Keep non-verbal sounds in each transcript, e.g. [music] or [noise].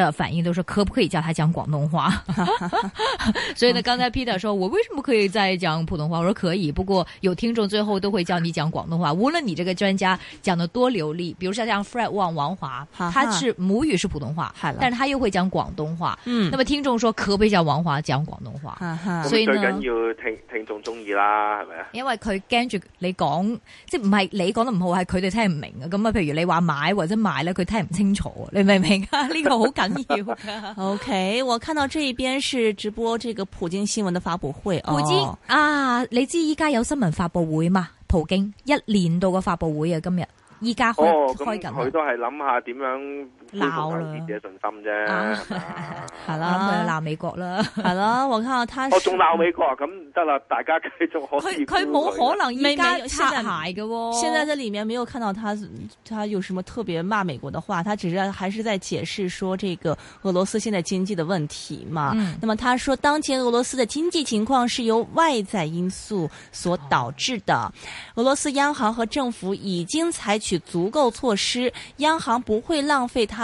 的反應都是可不可以叫他講廣東話？ [laughs] 所以呢，剛 [laughs] 才 Peter 說，我為什麼可以再講普通話？我說可以，不過有聽眾最後都會叫你講廣東話，無論你這個專家講得多流利。比如說像 Fred 王華，他是母語是普通話，但是他又會講廣東話。嗯， [laughs] 那麼聽眾說可不可以叫王華講廣東話？ [laughs] 所以最緊要聽聽眾中意啦，係咪啊？因為佢跟住你講，即係唔係你講得唔好，係佢哋聽唔明啊。咁啊，譬如你話買或者賣呢，佢聽唔清楚，你明唔明啊？呢、這個好緊。 [laughs] [laughs] O.K.，我看到這一邊是直播這個普京新聞的發布會啊。普京、哦、啊，你知依家有新聞發布會嗎？普京一年度嘅發布會啊，今日依家開、哦、開緊佢、哦、都係諗下點樣。鬧了自己信心啫、啊，係、啊、啦，鬧、啊、美國啦，係啦，我睇下他是。我仲鬧美國，咁唔得啦，大家繼續可以。佢佢冇可能一家拆鞋嘅喎。現在這裏面沒有看到他，他有什麼特別罵美國的話，他只是還是在解釋說，這個俄羅斯現在經濟的問題嘛。嗯、那麼他說，當前俄羅斯的經濟情況是由外在因素所導致的，哦、俄羅斯央行和政府已經採取足夠措施，央行不會浪費他。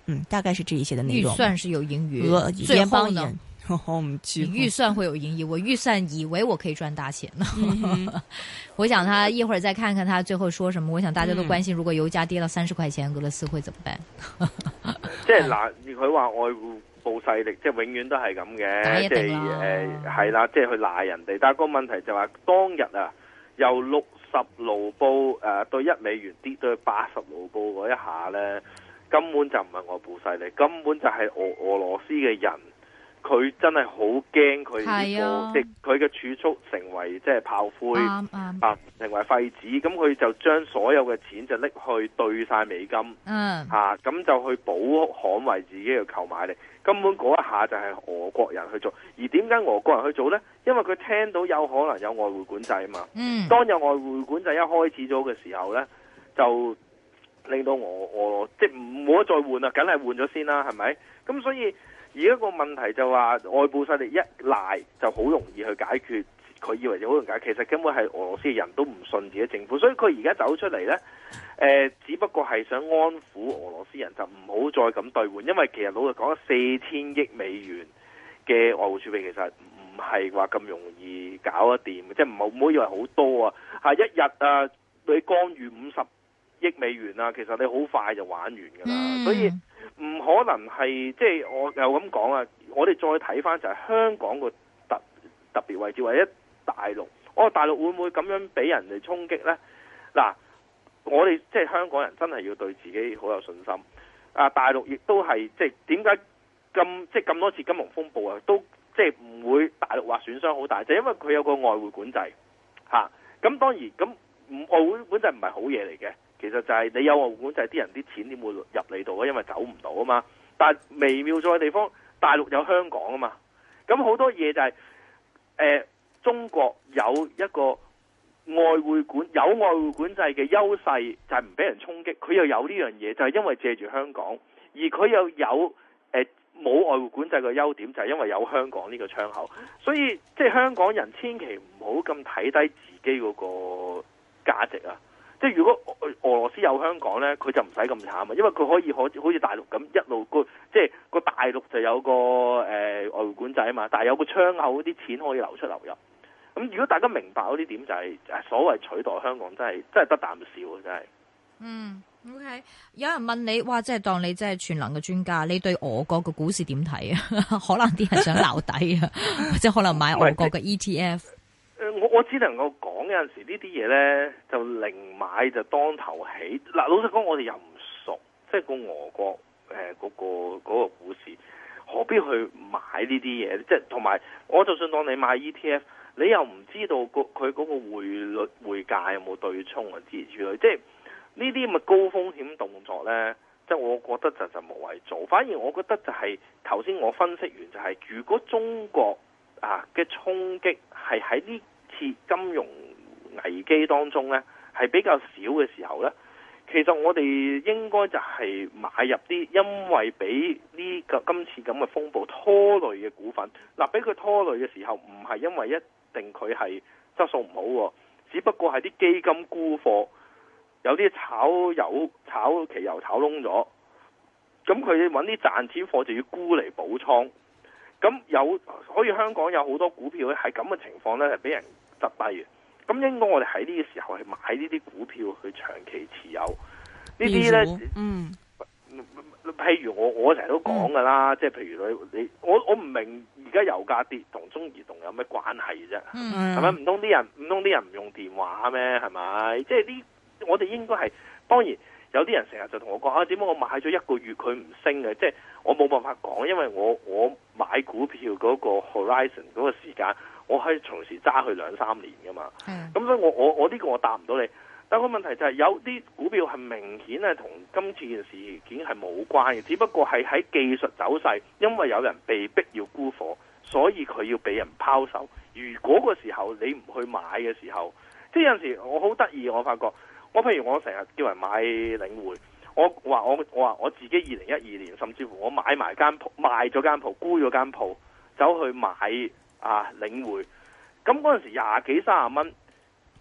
嗯、大概是這一些的內容。預算是有盈餘，我最後呢我，預算會有盈餘。我預算以為我可以賺大錢、嗯、 [laughs] 我想他一會兒再看看他最後說什麼。我想大家都關心，如果油價跌到三十塊錢，俄、嗯、羅斯會怎麼辦？嗯、 [laughs] 即係嗱，佢話外部勢力，即係永遠都係咁嘅，即係誒，係、呃、啦，即係去賴人哋。但係個問題就話、是、當日啊，由六十盧布誒對一美元跌到八十盧布嗰一下咧。根本就唔係外部勢力，根本就係俄俄羅斯嘅人。佢真係好驚佢呢部，佢嘅儲蓄成為即係炮灰，嗯、啊成為廢紙，咁、嗯、佢、嗯、就將所有嘅錢就拎去兌晒美金，啊，嗯咁就去保捍衛自己嘅購買力。根本嗰一下就係俄國人去做。而點解俄國人去做咧？因為佢聽到有可能有外匯管制啊嘛、嗯。當有外匯管制一開始咗嘅時候咧，就。令到我我即係唔好再換啦，梗係換咗先啦，係咪？咁所以而家個問題就話外部勢力一賴就好容易去解決，佢以為就好容易解決，其實根本係俄羅斯嘅人都唔信自己政府，所以佢而家走出嚟呢，誒、呃，只不過係想安撫俄羅斯人，就唔好再咁兌換，因為其實老實講，四千億美元嘅外匯儲備其實唔係話咁容易搞得掂，即係唔好唔好以為好多啊，係一日啊，你干預五十。億美元啊，其實你好快就玩完㗎啦、嗯，所以唔可能係即係我又咁講啊。我哋再睇翻就係香港個特特別位置，或者大陸，我、哦、話大陸會唔會咁樣俾人哋衝擊呢？嗱，我哋即係香港人真係要對自己好有信心啊！大陸亦都係即係點解咁即係咁多次金融風暴啊，都即係唔會大陸話損傷好大，就係、因為佢有個外匯管制嚇。咁、啊、當然咁外匯管制唔係好嘢嚟嘅。其實就係你有外匯管制，啲人啲錢點會入你度啊？因為走唔到啊嘛。但微妙在嘅地方，大陸有香港啊嘛。咁好多嘢就係、是、誒、呃，中國有一個外匯管有外匯管制嘅優勢，就係唔俾人衝擊。佢又有呢樣嘢，就係、是、因為借住香港，而佢又有誒冇、呃、外匯管制嘅優點，就係、是、因為有香港呢個窗口。所以即係、就是、香港人，千祈唔好咁睇低自己嗰個價值啊！即係如果俄羅斯有香港咧，佢就唔使咁慘啊，因為佢可以可好似大陸咁一路個即係個大陸就有個誒、呃、外匯管制啊嘛，但係有個窗口啲錢可以流出流入。咁如果大家明白嗰啲點就係、是、所謂取代香港真係真係得啖笑啊，真係。嗯，OK，有人問你哇，即、就、係、是、當你真係全能嘅專家，你對俄國嘅股市點睇啊？ [laughs] 可能啲人想撈底啊，或 [laughs] 者可能買俄國嘅 ETF。我只能夠講有陣時這些東西呢啲嘢呢就零買就當頭起。嗱，老實講，我哋又唔熟，即係個俄國誒嗰、呃嗰個嗰個股市，何必去買這些東西呢啲嘢即係同埋，我就算當你買 E T F，你又唔知道佢嗰個匯率匯價有冇對沖嘅、啊、之類即係呢啲咪高風險動作呢？即係我覺得就就無謂做。反而我覺得就係頭先我分析完就係、是，如果中國啊嘅衝擊係喺呢。金融危機當中呢，係比較少嘅時候呢，其實我哋應該就係買入啲因為俾呢個今次咁嘅風暴拖累嘅股份。嗱、啊，俾佢拖累嘅時候，唔係因為一定佢係質素唔好喎，只不過係啲基金沽貨，有啲炒油、炒期油炒窿咗，咁佢揾啲賺錢貨就要沽嚟補倉。咁有可以香港有好多股票咧，喺咁嘅情況呢，係俾人。失敗咁應該我哋喺呢個時候係買呢啲股票去長期持有。呢啲呢，嗯，譬如我我成日都講噶啦，即係譬如你你我我唔明而家油價跌同中移動有咩關係啫？係咪？唔通啲人唔通啲人唔用電話咩？係咪？即係呢？我哋應該係當然有啲人成日就同我講啊，點解我買咗一個月佢唔升嘅？即係我冇辦法講，因為我我買股票嗰個 horizon 嗰個時間。我可以從時揸佢兩三年㗎嘛，嗯？咁所以我我我呢個我答唔到你。但個問題就係有啲股票係明顯係同今次件事件係冇關嘅，只不過係喺技術走勢，因為有人被逼要沽貨，所以佢要俾人拋售。如果個時候你唔去買嘅時候，即有陣時候我好得意，我發覺我譬如我成日叫人買領匯，我話我我話我自己二零一二年，甚至乎我買埋間鋪，賣咗間鋪，沽咗間鋪，走去買。啊，領匯，咁嗰陣時廿幾三十蚊，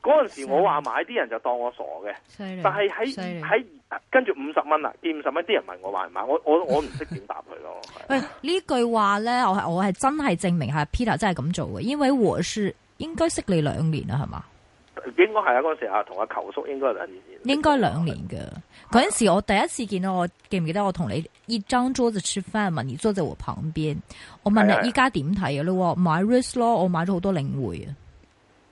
嗰陣時我話買啲人就當我傻嘅，但係喺喺跟住五十蚊啊，五十蚊啲人問我話買，我我我唔識點答佢咯。喂， [laughs] 呢句話咧，我係我係真係證明係 Peter 真係咁做嘅，因為我是應該識你兩年啦，係嘛？應該係啊，嗰陣時啊，同阿球叔應該兩年，應該兩年嘅。嗰陣時我第一次見到，我記唔記得我同你一張桌子吃飯嘛？你坐在我旁邊，我問你依家點睇嘅咯？買 risk 咯，我買咗好多領匯啊，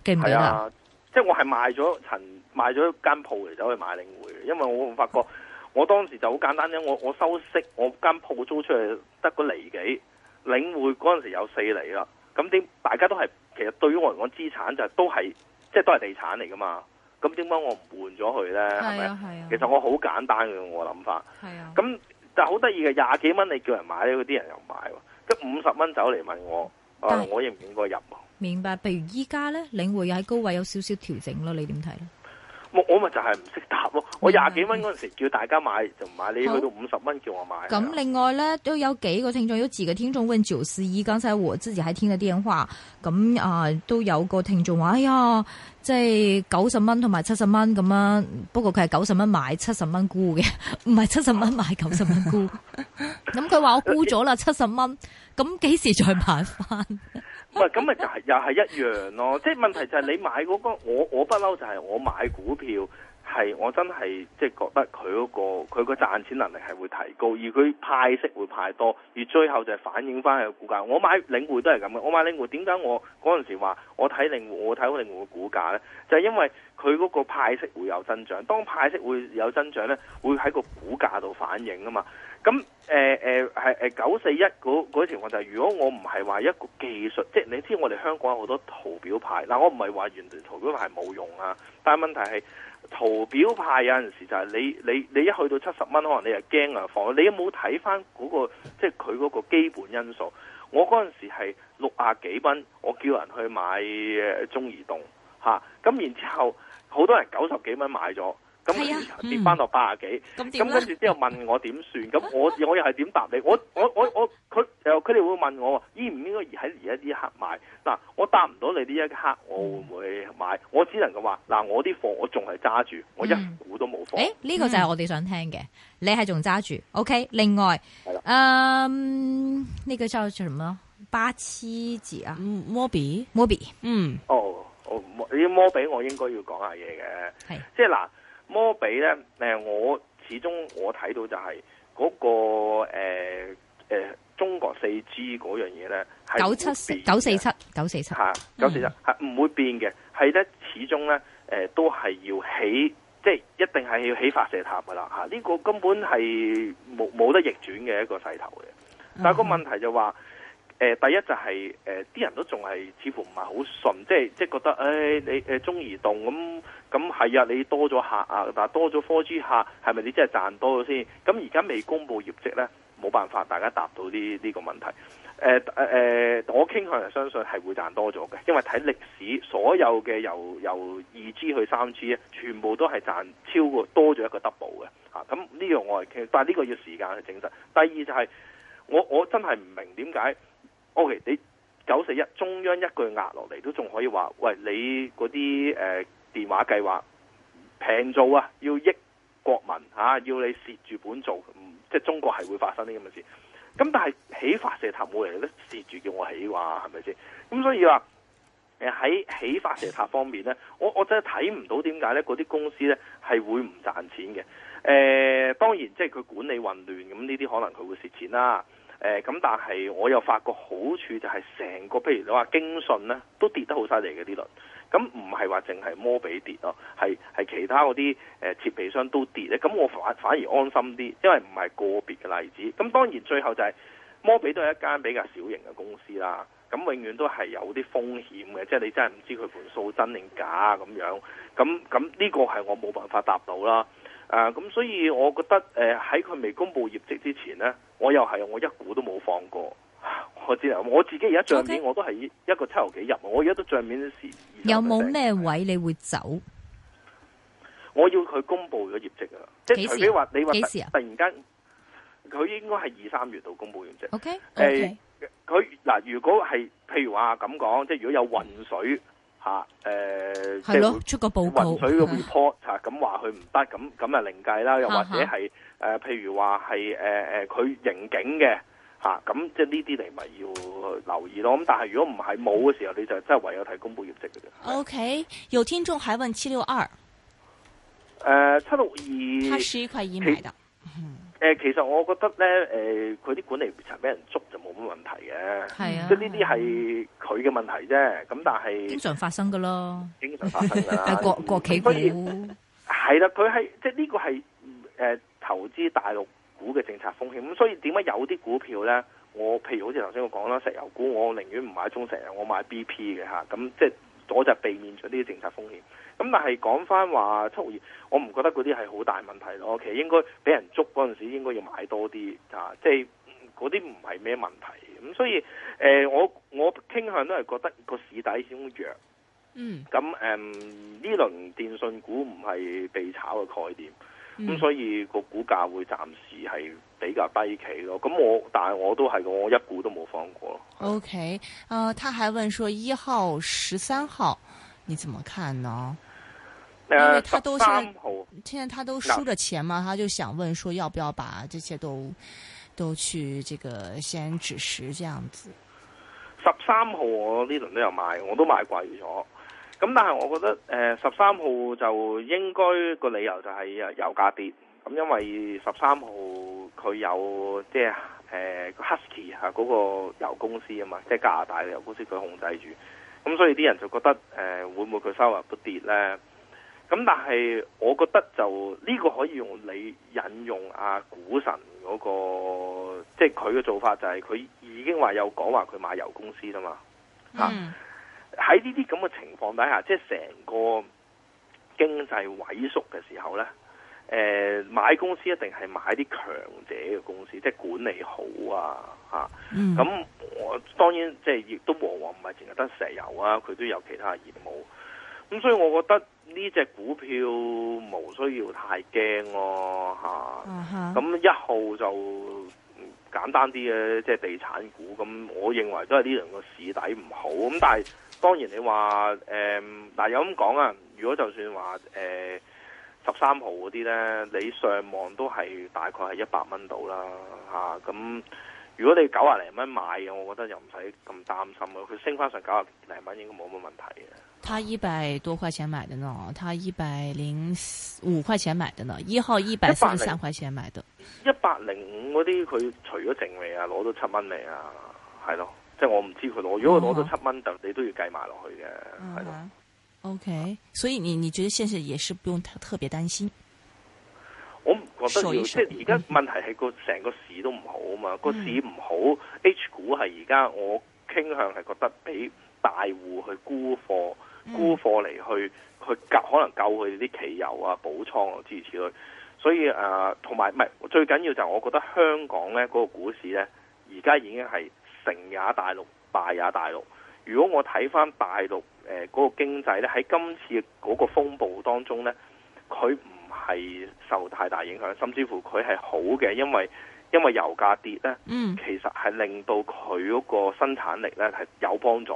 記唔記得？啊，即係我係賣咗層，賣咗一間鋪嚟走去買領匯，因為我發覺我當時就好簡單啫，我我收息，我間鋪租出去得個厘幾，領匯嗰陣時有四厘啦，咁點大家都係其實對於我嚟講，資產就係、都係即係都係地產嚟噶嘛。咁點解我唔換咗佢咧？係咪、啊啊？其實我好簡單嘅我諗法。係啊。咁但係好得意嘅，廿幾蚊你叫人買呢，嗰啲人又買喎。即五十蚊走嚟問我，呃、我應唔應該入？明白。譬如依家咧，領匯喺高位有少少調整咯，你點睇咧？我我咪就係唔識答咯，我廿幾蚊嗰陣時叫大家買就唔買，你去到五十蚊叫我買。咁另外咧，都有幾個聽眾，有自嘅聽眾 join 視耳，剛才我之前喺聽嘅電話，咁啊、呃、都有個聽眾話：哎呀，即係九十蚊同埋七十蚊咁樣，不過佢係九十蚊買七十蚊沽嘅，唔係七十蚊買九十蚊沽。」咁佢話我沽咗啦七十蚊，咁幾時再買翻？咁 [laughs] 咪就係、是、又係一樣咯。即係問題就係你買嗰、那個，我我不嬲就係我買股票係，我真係即係覺得佢嗰、那個佢個賺錢能力係會提高，而佢派息會派多，而最後就係反映翻佢個股價。我買領匯都係咁嘅，我買領匯點解我嗰陣時話我睇領匯，我睇好領匯嘅股價呢，就係、是、因為佢嗰個派息會有增長。當派息會有增長呢，會喺個股價度反映啊嘛。咁誒誒係九四一嗰個情況就係，如果我唔係話一個技術，即係你知我哋香港有好多圖表派，嗱，我唔係話原來圖表派冇用啊，但係問題係圖表派有陣時就係你你你一去到七十蚊，可能你就驚啊放，你有冇睇翻嗰個即係佢嗰個基本因素？我嗰陣時係六啊幾蚊，我叫人去買中移動吓，咁然之後好多人九十幾蚊買咗。咁跌翻落八廿幾，咁跟住之後問我點算？咁我我又係點答你？我我我我佢誒，佢哋會問我，應唔應該而喺而家呢一刻買？嗱，我答唔到你呢一刻，我會唔會買，嗯？我只能咁話，嗱，我啲貨我仲係揸住，我一股都冇貨誒，呢、嗯欸這個就係我哋想聽嘅，你係仲揸住？OK，另外，嗯，呢、這個叫做什麼咯？巴痴子啊，摩比摩比，嗯，哦哦，呢摩、摩比我應該要講下嘢嘅，係，即係嗱。摩比咧，我始終我睇到就係、是、嗰、那個誒、呃呃、中國四 G 嗰樣嘢咧，係九七九四七九四七嚇九四七係唔會變嘅，係咧、嗯、始終咧、呃、都係要起，即係一定係要起發射塔㗎喇嚇，呢、啊這個根本係冇冇得逆轉嘅一個勢頭嘅。但係個問題就話、是。呃、第一就係誒啲人都仲係似乎唔係好信，即係即係覺得誒、哎、你誒中移動咁咁係啊，你多咗客啊，但係多咗 4G 客係咪你真係賺多咗先？咁而家未公布業績咧，冇辦法大家答到呢呢個問題。誒誒誒，我傾向係相信係會賺多咗嘅，因為睇歷史所有嘅由由 2G 去 3G 全部都係賺超過多咗一個 double 嘅啊。咁呢樣我係傾，但係呢個要時間去證實。第二就係、是、我我真係唔明點解。O.K. 你九四一中央一句壓落嚟都仲可以話，喂，你嗰啲誒電話計劃平做啊，要益國民啊，要你蝕住本做，即係中國係會發生啲咁嘅事。咁但係起發射塔冇人咧蝕住叫我起話係咪先？咁所以話誒喺起發射塔方面咧，我我真係睇唔到點解咧嗰啲公司咧係會唔賺錢嘅？誒、呃，當然即係佢管理混亂，咁呢啲可能佢會蝕錢啦。誒、嗯、咁，但係我又發覺好處就係成個，譬如你話京信咧，都跌得好犀利嘅啲輪，咁唔係話淨係摩比跌咯，係其他嗰啲、呃、設備商都跌咧，咁我反反而安心啲，因為唔係個別嘅例子。咁當然最後就係、是、摩比都係一間比較小型嘅公司啦，咁永遠都係有啲風險嘅，即、就、係、是、你真係唔知佢盤數真定假咁樣，咁咁呢個係我冇辦法答到啦。啊，咁、嗯、所以我覺得誒喺佢未公布業績之前咧，我又係我一股都冇放過。我知啊，我自己而家賬面我都係一個七號幾入，okay. 我而家都賬面啲有冇咩位你會走？我要佢公布咗業績啊！即係除非話你話幾時啊，突然間，佢應該係二三月度公布業績，啊就是啊。OK，誒、呃，佢、okay. 嗱、呃，如果係譬如話咁講，即、就、係、是、如果有渾水。啊！誒、呃，即係出個報告，佢個 report 吓，咁話佢唔得，咁咁啊，另計啦、啊，又或者係誒、呃，譬如話係誒誒，佢、呃、刑警嘅吓，咁即係呢啲你咪要留意咯。咁但係如果唔係冇嘅時候，你就真係唯有睇公佈業績嘅啫。OK，有聽眾還問七六二，誒，七六二，他十一塊一買嘅。誒、呃，其實我覺得咧，誒、呃，佢啲管理層俾人捉就冇乜問題嘅，係啊，即係呢啲係佢嘅問題啫。咁但係經常發生噶咯，經常發生噶。 [laughs] 國國企、嗯不是是是呃、股係啦，佢係即係呢個係誒投資大陸股嘅政策風險。咁所以點解有啲股票咧？我譬如好似頭先我講啦，石油股，我寧願唔買中石油，我買 B P 嘅吓，咁、嗯、即係。我就避免咗呢啲政策風險。咁但係講翻話出現，我唔覺得嗰啲係好大問題咯。其實應該俾人捉嗰陣時，應該要買多啲啊！即係嗰啲唔係咩問題。咁所以誒、呃，我我傾向都係覺得個市底先弱。嗯。咁誒，呢輪電信股唔係被炒嘅概念。咁所以個股價會暫時係。比較低企咯，咁我但係我都係我一股都冇放過。OK，呃，他還問說一號、十三號你怎麼看呢？呃、因為他都三號，現在佢都輸咗錢嘛、呃，他就想問說要不要把這些都都去這個先止蝕，這樣子。十三號我呢輪都有買，我都買貴咗。咁但係我覺得，誒、呃，十三號就應該、那個理由就係油價跌。咁因為十三號。佢有即係誒 Husky 嗰個油公司啊嘛，即係加拿大嘅油公司佢控制住，咁所以啲人就覺得誒會唔會佢收入不跌咧？咁但係我覺得就呢個可以用你引用阿股神嗰個，即係佢嘅做法就係佢已經話有講話佢買油公司啊嘛。吓，嗯，喺呢啲咁嘅情況底下，即係成個經濟萎縮嘅時候咧。誒，買公司一定係買啲強者嘅公司，即係管理好啊，吓、啊。咁、嗯、我當然即係亦都冇話唔係淨係得石油啊，佢都有其他業務。咁所以我覺得呢隻股票冇需要太驚咯、啊，吓、啊。咁、嗯、一號就簡單啲嘅，即、就、係、是、地產股。咁我認為都係呢兩個市底唔好。咁但係當然你話誒、嗯，但有咁講啊，如果就算話誒。嗯十三號嗰啲呢，你上網都係大概係一百蚊到啦吓。咁、啊、如果你九廿零蚊買嘅，我覺得又唔使咁擔心咯。佢升翻上九廿零蚊，應該冇乜問題嘅。他一百多塊錢買的呢？他一百零五塊錢買的呢？一號一百三十三塊錢買的。一百零五嗰啲，佢除咗剩未啊，攞到七蚊未啊？係咯，即係我唔知佢攞。如果佢攞到七蚊，就、uh -huh. 你都要計埋落去嘅，係咯。O、okay, K，所以你你覺得現在也是不用特特別擔心。我唔覺得要熟熟即係而家問題係個成個市都唔好啊嘛、嗯，個市唔好，H 股係而家我傾向係覺得俾大戶去沽貨、嗯、沽貨嚟去去救可能救佢哋啲期油啊、補倉啊諸如此類。所以誒，同埋唔係最緊要就係我覺得香港咧嗰、那個股市咧，而家已經係成也大陸，敗也大陸。如果我睇翻大陸。誒、呃、嗰、那個經濟咧喺今次嗰個風暴當中咧，佢唔係受太大影響，甚至乎佢係好嘅，因為因為油價跌咧，mm. 其實係令到佢嗰個生產力咧係有幫助，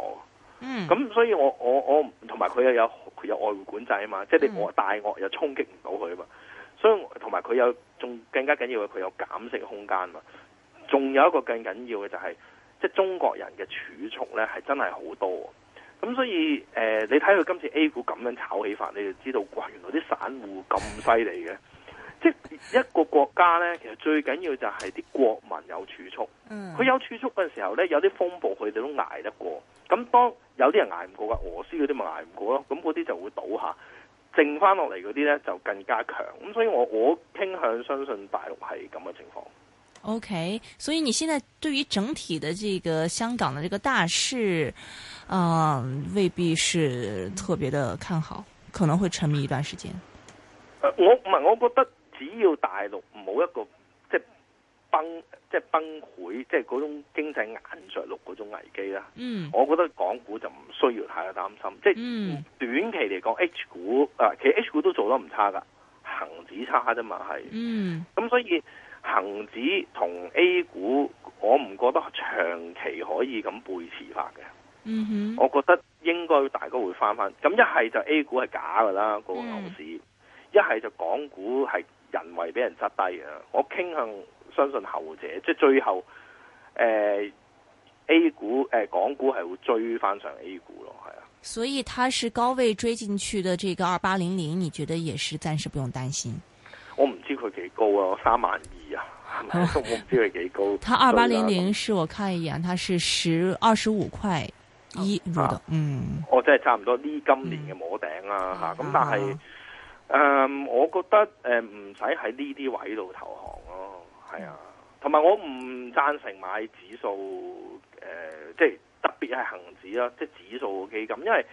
咁、mm. 所以我我我同埋佢又有佢有，有外匯管制啊嘛，即、就、係、是、你大鱷又衝擊唔到佢啊嘛，所以同埋佢有仲更加緊要嘅佢有減息空間嘛。仲有一個更緊要嘅就係即係中國人嘅儲蓄咧係真係好多。咁所以，誒、呃，你睇佢今次 A 股咁樣炒起法，你就知道，哇！原來啲散戶咁犀利嘅， [laughs] 即係一個國家呢，其實最緊要就係啲國民有儲蓄。佢有儲蓄嘅時候呢，有啲風暴佢哋都捱得過。咁當有啲人捱唔過嘅，俄斯嗰啲咪捱唔過咯。咁嗰啲就會倒下，剩翻落嚟嗰啲呢就更加強。咁所以我我傾向相信大陸係咁嘅情況。O.K.，所以你現在對於整體的這個香港的這個大市嗯、呃，未必是特別的看好，可能會沉迷一段時間、呃。我唔係，我覺得只要大陸冇一個即係崩，即係崩潰即係嗰種經濟硬着陸嗰種危機啦。嗯，我覺得港股就唔需要太擔心。即係、嗯、短期嚟講，H 股啊，其實 H 股都做得唔差噶，恒指差啫嘛係。嗯，咁所以。恒指同 A 股，我唔覺得長期可以咁背馳法嘅。嗯哼，我覺得應該大家會翻翻。咁一係就 A 股係假噶啦，個牛市，一、嗯、係就港股係人為俾人窒低啊。我傾向相信後者，即係最後誒、呃、A 股誒、呃、港股係會追翻上，上 A 股咯，係啊。所以，它是高位追進去的這個二八零零，你覺得也是暫時不用擔心？我唔知佢幾高啊，三萬二。唔、啊、係，我唔知佢幾高，佢二八零零是我看一眼，它是十二十五塊一入的，嗯、啊，我真係差唔多呢今年嘅摸頂啦嚇。咁、嗯啊啊、但係，誒、嗯，我覺得誒唔使喺呢啲位度投行投降咯。係啊，同埋我唔贊成買指數誒、呃，即係特別係恒指啦，即係指數基金，因為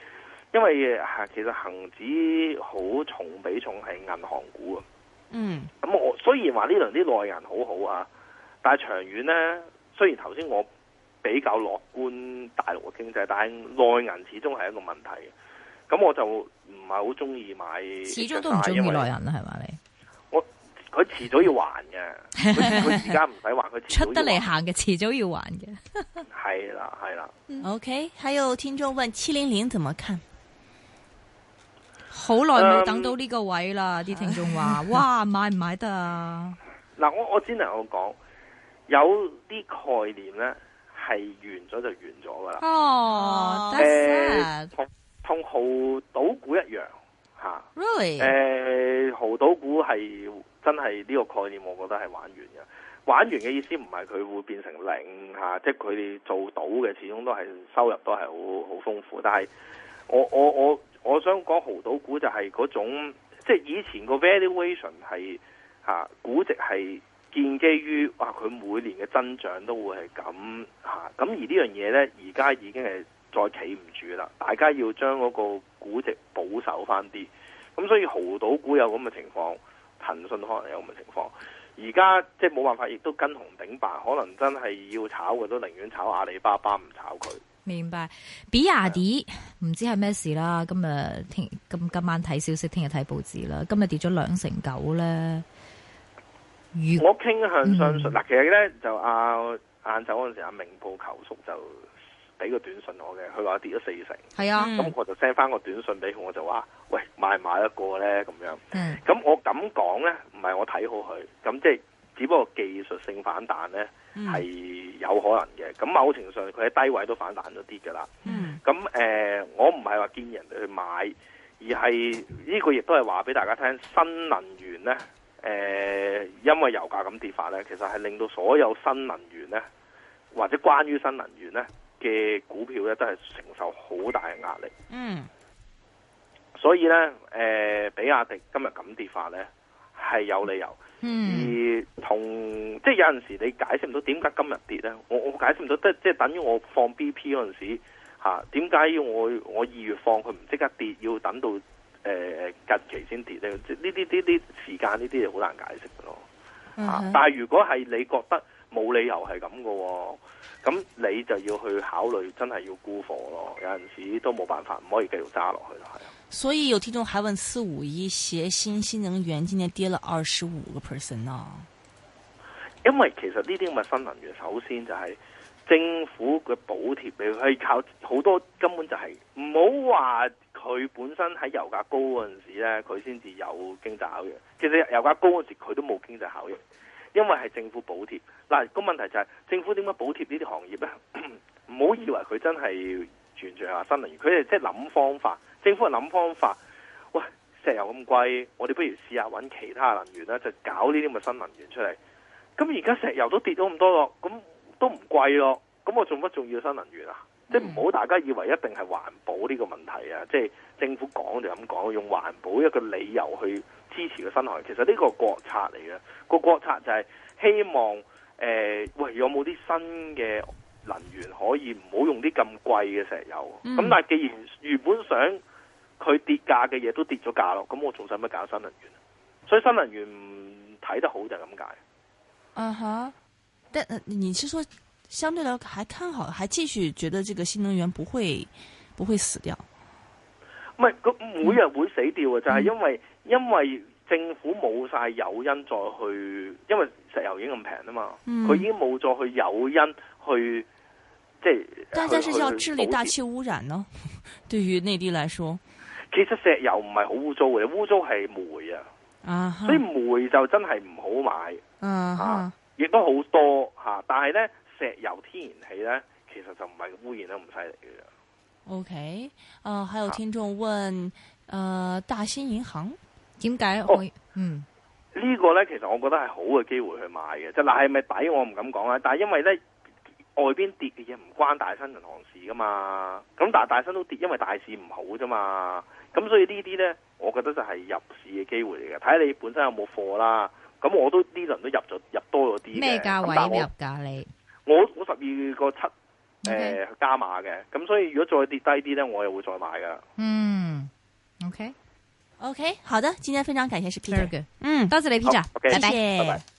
因為、啊、其實恒指好重比重係銀行股啊。嗯，咁我雖然話呢輪啲內銀好好啊，但係長遠咧，雖然頭先我比較樂觀大陸嘅經濟，但係內銀始終係一個問題。咁我就唔係好中意買，始終都唔中意內銀啦，係嘛你？我佢遲早要還嘅，佢而家唔使還，佢 [laughs] 出得嚟行嘅，遲早要還嘅。係啦係啦。OK，還有聽眾問七零零怎麼看？好耐冇等到呢個位啦，啲、um, 聽眾話：，哇， [laughs] 買唔買得啊？嗱，我我只能我講，有啲概念咧係完咗就完咗噶啦。哦、oh, 呃，得先，同同豪賭股一樣吓、啊。Really？誒、啊，豪賭股係真係呢個概念，我覺得係玩完嘅。玩完嘅意思唔係佢會變成零吓、啊，即係佢哋做到嘅，始終都係收入都係好好豐富。但係我我我。我我我想講濠賭股就係嗰種，即係以前個 valuation 係嚇估值係建基於哇佢每年嘅增長都會係咁嚇，咁、啊、而呢樣嘢呢，而家已經係再企唔住啦，大家要將嗰個估值保守翻啲，咁所以濠賭股有咁嘅情況，騰訊可能有咁嘅情況，而家即係冇辦法，亦都跟紅頂白，可能真係要炒嘅都寧願炒阿里巴巴唔炒佢。明白，比亞迪唔知係咩事啦。今日聽今今晚睇消息，聽日睇報紙啦。今日跌咗兩成九咧。我傾向相信嗱，嗯、其實咧就阿晏晝嗰陣時候，阿明報求叔就俾個短信他說我嘅，佢話跌咗四成。係啊，咁我就 send 翻個短信俾佢，我就話：喂，買唔買得過咧？咁樣。咁我咁講咧，唔係我睇好佢，咁即係。只不過技術性反彈呢係有可能嘅，咁某程度上佢喺低位都反彈咗啲噶啦。咁誒、呃，我唔係話建議人哋去買，而係呢、這個亦都係話俾大家聽，新能源呢，誒、呃，因為油價咁跌法呢，其實係令到所有新能源呢，或者關於新能源呢嘅股票呢，都係承受好大嘅壓力。嗯，所以呢，誒、呃，比亞迪今日咁跌法呢，係有理由。嗯、而同即係有陣時你解釋唔到點解今日跌咧？我我解釋唔到，即係即係等於我放 B P 嗰陣時吓，點解我我二月放佢唔即刻跌，要等到誒近期先跌咧？即呢啲呢啲時間呢啲嘢好難解釋嘅咯。嗯、但係如果係你覺得冇理由係咁嘅，咁你就要去考慮真係要沽貨咯。有陣時都冇辦法，唔可以繼續揸落去啦，係啊。所以有聽眾還問四五一協鑫新能源今年跌了二十五個 percent 啊？因為其實呢啲咁嘅新能源，首先就係政府嘅補貼，佢係靠好多，根本就係唔好話佢本身喺油價高嗰陣時咧，佢先至有經濟效益。其實油價高嗰時佢都冇經濟效益，因為係政府補貼。嗱，個問題就係政府點解補貼呢啲行業咧？唔好 [coughs] 以為佢真係完全係話新能源，佢哋即係諗方法。政府係諗方法，喂，石油咁貴，我哋不如試下揾其他能源啦，就搞呢啲咁嘅新能源出嚟。咁而家石油都跌咗咁多咯，咁都唔貴咯，咁我做乜仲要的新能源啊、嗯？即係唔好大家以為一定係環保呢個問題啊！即係政府講就咁講，用環保一個理由去支持個新能源。其實呢個是國策嚟嘅，個國策就係希望誒、呃，喂，有冇啲新嘅能源可以唔好用啲咁貴嘅石油？咁、嗯、但係既然原本想佢跌價嘅嘢都跌咗價咯，咁我仲使乜搞新能源？所以新能源唔睇得好就係咁解。啊、uh、吓 -huh.？但你是說相對嚟講還看好，還繼續覺得這個新能源不會不會死掉？唔係，佢每日會死掉啊、嗯！就係、是、因為、嗯、因為政府冇晒誘因再去，因為石油已經咁平啊嘛，佢、嗯、已經冇再去誘因去即係。但係，但是要治理大氣污染呢？ [laughs] 對於內地來說。其實石油唔係好污糟嘅，污糟係煤啊，uh -huh. 所以煤就真係唔好買，吓、uh -huh.，亦、啊、都好多吓、啊。但係咧，石油天然氣咧，其實就唔係污染得唔犀利嘅。OK，啊、呃，還有聽眾問，誒、啊呃，大新銀行點解會、哦？嗯，這個、呢個咧，其實我覺得係好嘅機會去買嘅，就嗱係咪抵我唔敢講啊，但係因為咧。外邊跌嘅嘢，唔關大新銀行事噶嘛，咁但係大新都跌，因為大市唔好啫嘛，咁所以呢啲咧，我覺得就係入市嘅機會嚟嘅，睇下你本身有冇貨啦。咁我都呢輪都入咗，入多咗啲。咩價位入噶你？我我十二個七，誒，加碼嘅。咁所以如果再跌低啲咧，我又會再買噶。嗯，OK，OK，okay. okay, 好的，今天非常感謝是 Peter，嗯，多謝你 Peter，拜拜。